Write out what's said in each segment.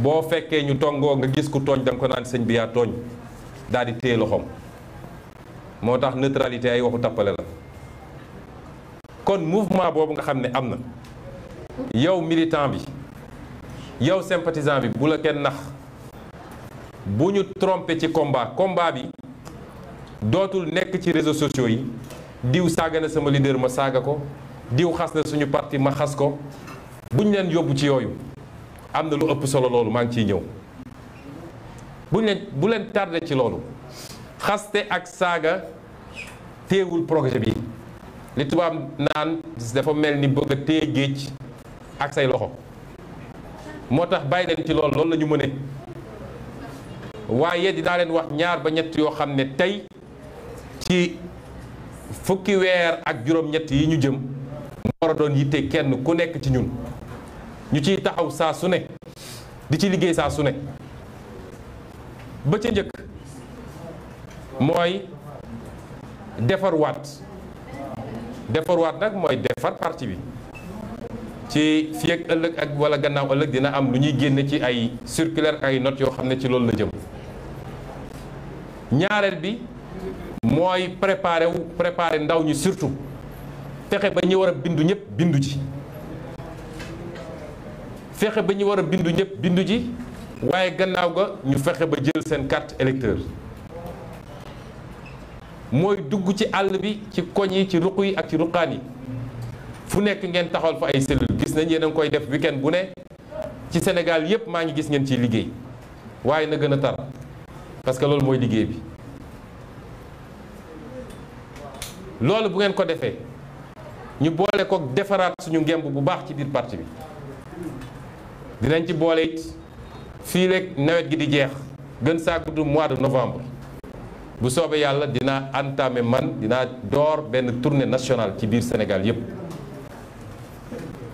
boo fekkee ñu tongoo nga gis ku tooñ da ko naan sëñ bi yaa tooñ daal di téye loxoom moo tax neutralité ay waxu tappale la kon mouvement boobu nga xam ne am na yow militant bi yow sympathisant bi bula la kenn nax bu ñu trompé ci combat komba bi dootul nekk ci réseaux sociaux yi diw saaga na sama leader ma saaga ko diw xas na suñu parti ma xas ko buñ leen yóbbu ci yooyu am na lu ëpp solo loolu maa ngi ciy ñëw buñ leen bu leen tardé ci loolu xaste ak saaga téewul projet bi li tubaab naan dafa mel ni bëgg a téye géej ak say loxo moo tax bàyyi leen ci loolu loolu la ñu mëne waaye dinaa leen wax ñaar ba ñett yoo xam ne tey ci fukki weer ak juróom-ñett yi ñu jëm moo war a doon yitte kenn ku nekk ci ñun ñu ciy taxaw saa su ne di ci liggéey saa su ne ba ca njëkk mooy defarwaat defarwaat nag mooy defar parti bi ci fii ak ëllëg ak wala gannaaw ëllëg dina am lu ñuy génne ci ay circulaire ay not yoo xam ne ci loolu la jëm ñaareel bi mooy préparé wu préparé ndaw ñi surtout fexe ba ñu war a bindu ñëpp bindu ci fexe ba ñu war a bindu ñëpp bindu ji waaye gannaaw ga ñu fexe ba jël seen carte électeur mooy dugg ci àll bi ci koñ yi ci ruq yi ak ci ruqaan yi fu nekk ngeen taxawal fa ay cellule gis nañ yéen a ngi koy def weekend bu ne ci Sénégal yépp maa ngi gis ngeen ciy liggéey waaye na gën a tar parce que loolu mooy liggéey bi loolu bu ngeen ko defee ñu boole ko defaraat suñu ngemb bu baax ci biir parti bi dinañ ci boole it fii rek nawet gi di jeex gën saa gudd mois de novembre bu soobee yàlla dinaa entamé man dinaa door benn tournée nationale ci biir Sénégal yépp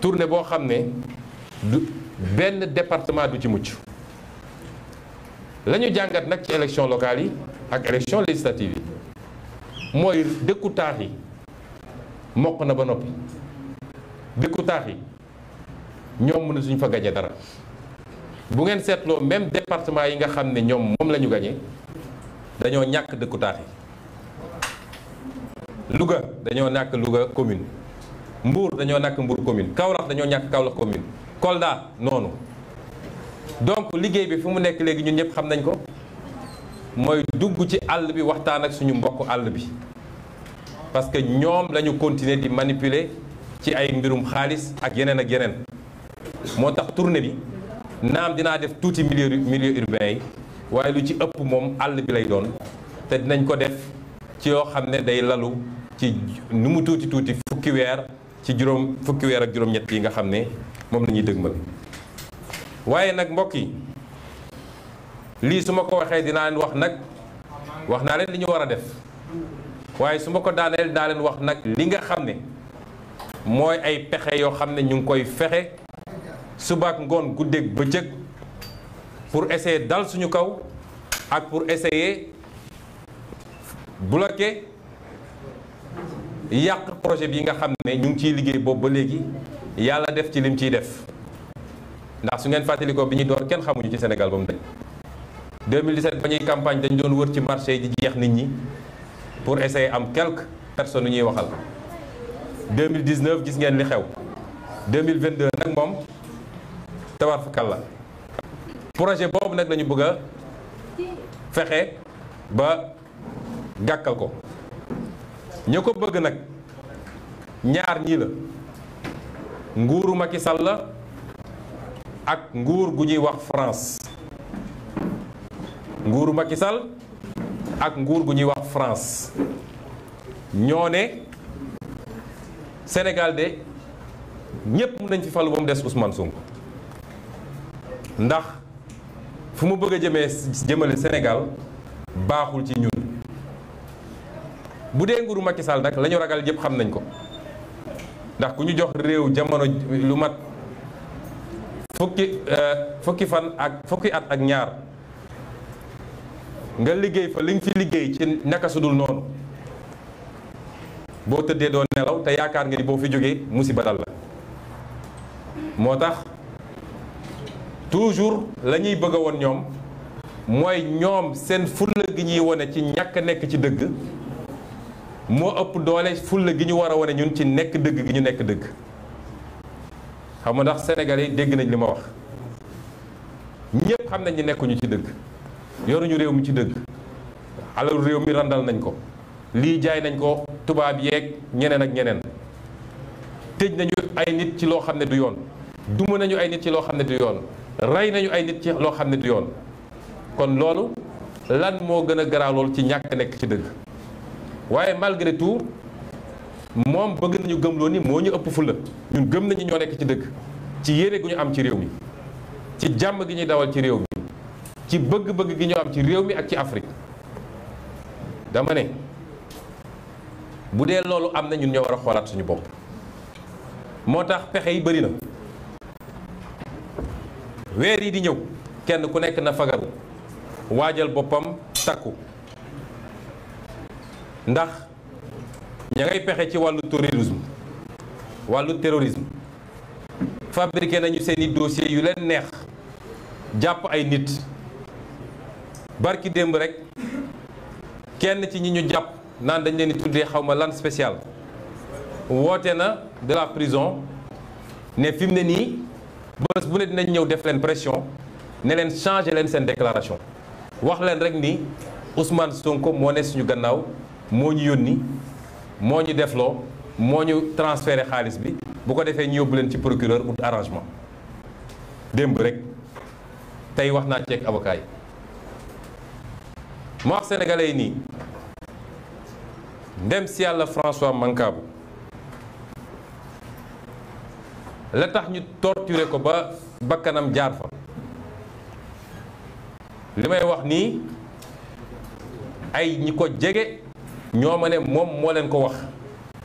tourné boo xam ne du benn département du ci mucc la ñu jàngat nag ci élection locale yi ak élection législative yi mooy dëkku taax yi mokk na ba noppi dëkku taax yi ñoom mënu suñ fa gañe dara bu ngeen seetloo même département yi nga xam ne ñoom moom lañu ñu dañoo ñàkk dëkku taax yi Louga dañoo ñàkk Louga commune Mbour dañoo ñàkk Mbour commune Kaolack dañoo ñàkk Kaolack commune Kolda noonu donc liggéey bi fu mu nekk léegi ñun ñëpp xam nañ ko mooy dugg ci àll bi waxtaan ak suñu mbokk àll bi parce que ñoom lañu ñu continuer di manipuler ci ay mbirum xaalis ak yeneen ak yeneen moo tax tournée bi naam dinaa def tuuti milieu milieu urbain yi waaye lu ci ëpp moom àll bi lay doon te dinañ ko def ci yoo xam ne day lalu ci nu mu tuuti tuuti fukki weer ci juróom fukki weer ak juróom-ñett yi nga xam ne moom la ñuy dëgmal waaye nag mbokk yi lii su ma ko waxee dinaa leen wax nag wax naa leen li ñu war a def waaye su ma ko daaneel dinaa leen wax nag li nga xam ne mooy ay pexe yoo xam ne ñu ngi koy fexe subaak ngoon ba bëccëg pour essayer dal suñu kaw ak pour essayer bloquer yàq projet bi nga xam ne ñu ngi ciy liggéey boobu ba léegi yàlla def ci lim ciy def ndax su ngeen fàttalikoo bi ñuy door kenn xamuñu ci senegal ba mu dañ 2017 ba ñuy campagne dañ doon wër ci marché yi di jeex nit ñi pour essayer am quelques personnes yu ñuy waxal 2019 gis ngeen li xew 2022 nag moom. tabaar fakal la projet boobu nag lañu bëgg fexe ba gàkkal ko ña ko bëgg nag ñaar ñii la nguuru Macky Sall la ak nguur gu ñuy wax France nguuru Macky ak nguur gu ñuy wax France ñoo ne Sénégal de ñépp mën nañ fi falu ba mu des Ousmane Sonko ndax fu mu bëgg a jëmee jëmale Sénégal baaxul ci ñun bu dee nguuru Macky Sall nag lañu ragal yëpp xam nañ ko ndax ku ñu jox réew jamono lu mat fukki euh, fukki fan ak fukki at ak ñaar nga liggéey fa li nga fi liggéey ci naka sudul noonu boo tëddee doo nelaw te yaakaar nga ni boo fi jógee musiba dal la moo tax toujours la ñuy bëgg woon ñoom mooy ñoom seen fulla gi ñuy wane ci ñàkk nekk ci dëgg moo ëpp doole fulla gi ñu war a wane ñun ci nekk dëgg gi ñu nekk dëgg xam nga ndax sénégalais dégg nañ li ma wax ñëpp xam nañ ni nekkuñu ci dëgg yoruñu réew mi ci dëgg alalu réew mi randal nañ ko lii jaay nañ ko tubaab yeeg ñeneen ak ñeneen tëj nañu ay nit ci loo xam ne du yoon duma nañu ay nit ci loo xam ne du yoon rey nañu ay nit ci loo xam ne du yoon kon loolu lan moo gën a garaaw loolu ci ñàkk nekk ci dëgg waaye malgré tout moom bëgg nañu gëmloo ni moo ñu ëpp fulla ñun gëm nañu ñoo nekk ci dëgg ci yére gu ñu am ci réew mi ci jàmm gi ñuy dawal ci réew mi ci bëgg-bëgg gi ñu am ci réew mi ak ci Afrique dama ne bu dee loolu am na ñun ñoo war a xoolaat suñu bopp moo tax pexe yi bëri na. weer yi di ñëw kenn ku nekk na fagaru waajal boppam takku ndax ña ngay pexe ci wàllu terrorisme wàllu terrorisme fabriqué nañu seeni dossier yu leen neex jàpp ay nit barki démb rek kenn ci ñi ñu jàpp naan dañ leen di tuddee xaw ma lan spécial woote na de la prison ne fi ne nii bés bu ne dinañ ñëw def leen pression ne leen changé leen seen déclaration wax leen rek ni Ousmane Sonko moo ne suñu gannaaw moo ñu yónni moo ñu defloo moo ñu transféré xaalis bi bu ko defee ñu yóbbu leen ci procureur ou arrangement démb rek tey wax naa ci ak avocat yi ma nii ndem si yàlla François Mancabou la tax ñu torturer ko ba bakkanam jaar fa li may wax nii ay ñi ko jege ñoo ma ne moom moo leen ko wax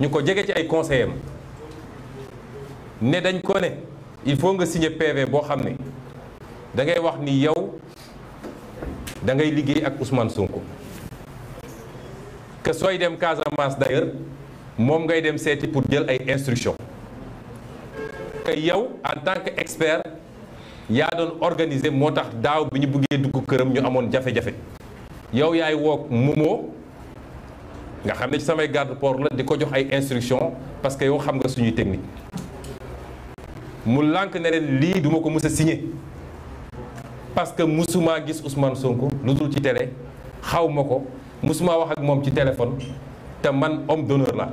ñu ko jege ci ay conseillers ne dañ ko ne il faut nga signer PV boo xam ne da ngay wax ni yow da ngay liggéey ak Ousmane Sonko que sooy dem Casamance d'ailleurs moom ngay dem seeti pour jël ay instructions yow en tant que expert yaa doon organiser moo tax daaw bi ñu bëggee dugg këram ñu amoon jafe yow yaay wook Momo nga xam ne ci samay garde la di ko jox ay instruction parce que yow xam nga suñuy technique mu lànk ne lii duma ko mës a signé parce que musuma gis Ousmane Sonko lu dul ci télé xaw ma ko musuma wax ak moom ci téléphone te man homme d'honneur la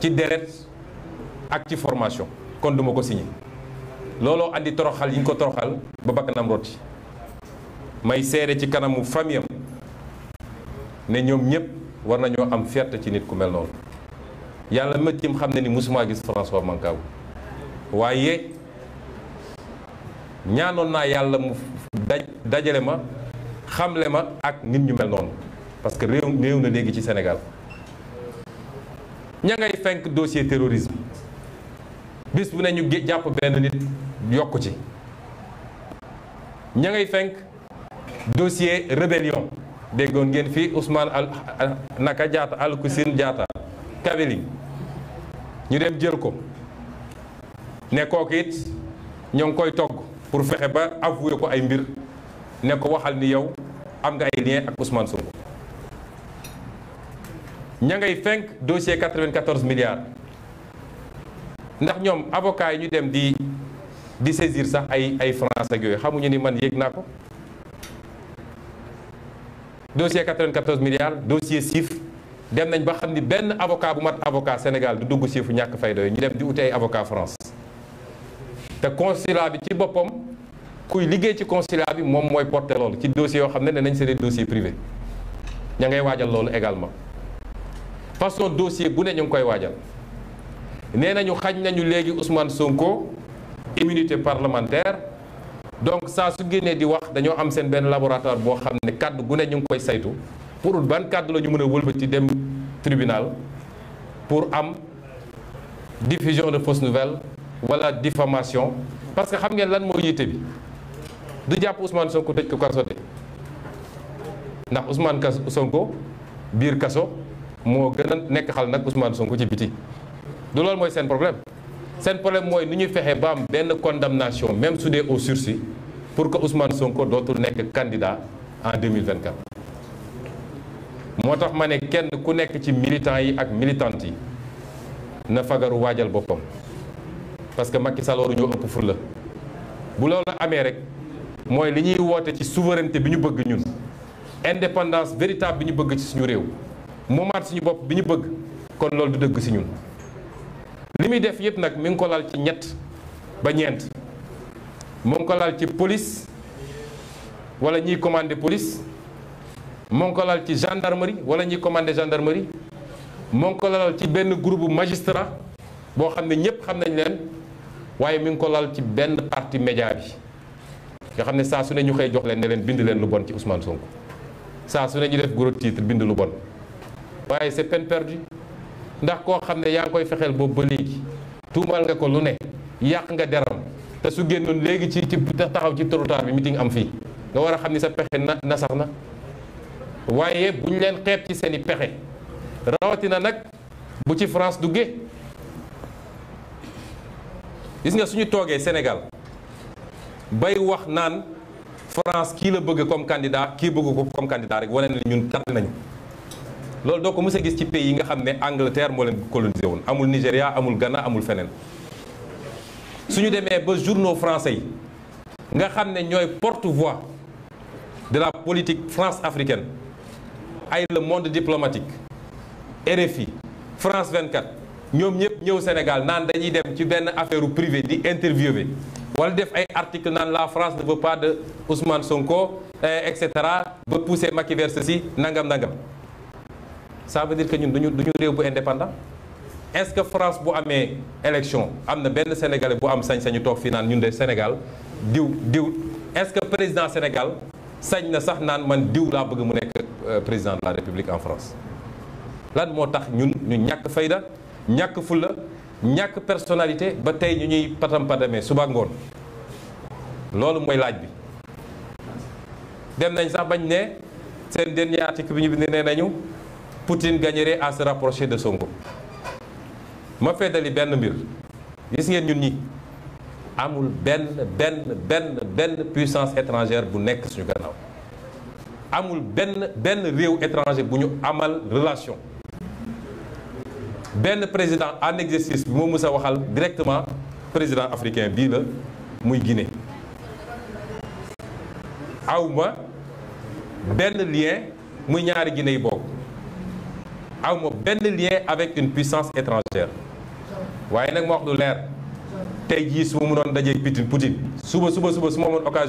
ci deret ak ci formation kon duma ko signé looloo indi toroxal yi ñu ko toroxal ba bakkanam roti may seede ci kanamu famiyam ne ñoom ñëpp war nañoo am fierté ci nit ku mel noonu yàlla méttim xam ne ni mosuma gis François Mancabou waaye ñaanoon naa yàlla mu daj dajale ma xamle ma ak nit ñu mel noonu parce que réew néew na léegi ci senegal ña ngay fenk dossier terrorisme bis bu ne ñu jàpp benn nit yokk ci ña ngay fenk dossier rébellion déggoon ngeen fii Ousmane al naka jaata Alkusin jaata Kabiling ñu dem jël ko ne kooku ñoo ngi koy togg pour fexe ba avoué ko ay mbir ne ko waxal ni yow am nga ay lien ak Ousmane Sonko ña ngay fenk dossier 94 milliards ndax ñoom avocat yi ñu dem di di saisir sax ay ay France ak yooyu xamuñu ni man yéeg naa ko dossier 94 milliards dossier siif dem nañ ba xam ni benn avocat bu mat avocat Sénégal du dugg siifu ñàkk fayda yooyu ñu dem di uti ay avocat France te consulat bi ci boppam kuy liggéey ci consulat bi moom mooy porté loolu ci dossier yoo xam ne ne nañ c'est des dossiers privés ña ngay waajal loolu également façon dossier bu ne ñu ngi koy waajal nee nañu xañ nañu léegi Ousmane Sonko immunité parlementaire donc saa su génnee di wax dañoo am seen benn laboratoire boo xam ne kàdd gune ne ñu ngi koy saytu pour ban kàddu la ñu mën a wëlbati dem tribunal pour am diffusion de fausse nouvelle wala diffamation parce que xam ngeen lan moo yitte bi du jàpp Ousmane Sonko tëj ko kaso de ndax Ousmane Sonko biir kaso moo gën a nekk xal nag Ousmane Sonko ci biti du loolu mooy seen problème seen problème mooy nu ñuy fexe ba am benn condamnation même su dee au sursis pour que Ousmane Sonko dootul nekk candidat en 2024. moo tax ma ne kenn ku nekk ci militants yi ak militantes yi na fagaru waajal boppam parce que Macky Sall waru ñoo ëpp fur la bu loolu amee rek mooy li ñuy woote ci souveraineté bi ñu bëgg ñun indépendance véritable bi ñu bëgg ci suñu réew moomaat suñu bopp bi ñu bëgg kon loolu du dëgg si ñun. li muy def yëpp nag mi ngi ko lal ci ñett ba ñeent mu ngi ko lal ci police wala ñiy commandé police mu ngi ko lal ci gendarmerie wala ñiy commandé gendarmerie mu ngi ko lal ci benn groupe magistrat boo xam ne ñëpp xam nañ leen waaye mi ngi ko lal ci benn parti média bi nga xam ne saa su ne ñu koy jox leen ne leen bind leen lu bon ci usmaan Sonko saa su ne ñu def gros titre bind lu bon waaye c'est peine perdue ndax koo xam ne yaa ngi koy fexeel boobu ba léegi tuumaal nga ko lu ne yàq nga deram te su génnoon léegi ci ci taxaw ci trottoir bi meeting am fii nga war a xam ni sa pexe na na sax na waaye buñ leen xeet ci seen i pexe rawatina nag bu ci France duggee gis nga suñu toogee Sénégal bay wax naan France kii la bëgg comme candidat kii bëgg ko comme candidat rek wane na ñun kat nañu loolu doo ko mës a gis ci pays yi nga xam ne Angleterre moo leen colonisé woon amul Nigéria amul gana amul feneen suñu demee ba journaux français yi nga xam ne ñooy porte-voix de la politique france-africaine ay le monde diplomatique RFI France 24 ñoom ñëpp ñëw Sénégal naan dañuy dem ci benn affaire privé di interviewé wala def ay article naan la France ne veut pas de Ousmane Sonko et cetera ba pousser Macky vers ceci nangam nangam ça veut dire que ñun duñu duñu réew bu indépendant est-ce que France bu amee élection am na benn sénégalais bu am sañ-sañu toog fii naan ñun de Sénégal diw diw est-ce que président Sénégal sañ na sax naan man diw laa bëgg mu nekk euh, président de la République en France lan moo tax ñun ñu ñàkk fayda ñàkk fulla ñàkk personnalité ba tey ñu ñuy patam patamee suba ngoon loolu mooy laaj bi dem nañ sax bañ ne seen dernier article bi ñu bind nee nañu Poutine gagnerait à se rapprocher de Sonko ma feddali benn mbir gis ngeen ñun ñi amul benn benn benn benn puissance étrangère bu nekk suñu gannaaw amul benn benn réew étranger bu ñu amal relation benn président en exercice bi moo mës waxal directement président africain bii la muy gine awma benn lien muy ñaari gine yi bokk aw ma benn lien avec une puissance étrangère waaye nag ma wax lu leer tey jii su ma mënoon dajeeg Poutine Poutine suba suba suba su occasion